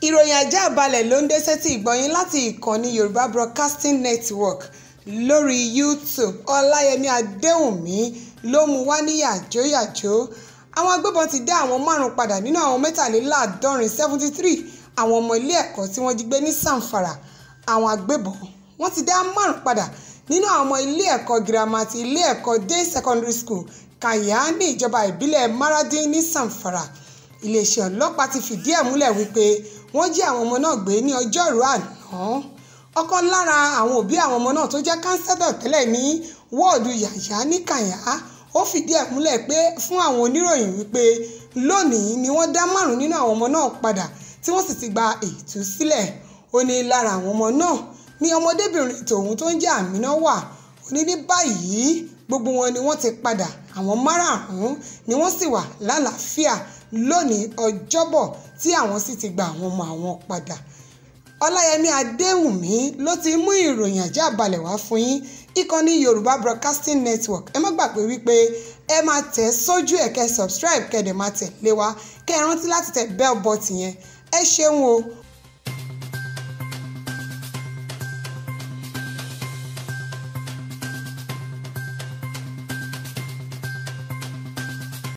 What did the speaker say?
ìròyìn ajá balẹ̀ ló ń dé sétí ìgbọ̀nyín láti ìkànnì Yorùbá Broadcasting Network lórí YouTube Ọláyẹmí Adéwùnmí ló mú wá ní yàjóyàjó àwọn agbébọn ti dá àwọn márùn padà nínú àwọn mẹ́tàléláàádọ́rin seventy three àwọn ọmọ ilé ẹ̀kọ́ tí wọ́n jí gbé ní Sàǹfàrà àwọn agbébọn wọ́n ti dá márùn padà nínú àwọn ọmọ ilé ẹ̀kọ́ girama àti ilé ẹ̀kọ́ day secondary school Kàyà ní ìjọba ìbílẹ̀ Maradin ní sanfara. iléeṣẹ́ ọlọ́pàá ti fìdí ẹ̀ múlẹ̀ wípé wọ́n jí àwọn ọmọ náà gbé ní ọjọ́rú àná ọ̀kan lára àwọn òbí àwọn ọmọ náà tó jẹ́ kánsẹ́tọ̀ tẹ́lẹ̀ ní wọ́ọ̀dù yàyà ní kàyà ó fìdí ẹ̀ múlẹ̀ pé fún àwọn oníròyìn wípé lónìí ni wọ́n dá márùn nínú àwọn ọmọ náà padà tí wọ́n sì ti gba ìtúsílẹ̀ ó ní lára àwọn ọmọ náà ni ọmọdébìnrin tòun tó ń jẹ́ àmínà wà ó ní ní báyìí gbogbo wọn ni wọ́n ti padà àwọn márààrún ni wọ́n sì wà lálàáfíà lónìí ọjọ́bọ̀ tí àwọn sì ti gba àwọn ọmọ àwọn padà ọláyẹmí adéwùmí ló ti mú ìròyìn ajá balẹ̀ wá fún yín ìkànnì yorùbá broadcasting network ẹ má gbàgbé wípé ẹ máa tẹ̀ sójú ẹ̀ kẹ́ subscribe kẹ́ ẹ̀ dẹ̀ máa tẹ̀ lé wa kẹ́ ẹ rántí láti tẹ̀ bell button yẹn ẹ ṣeun o.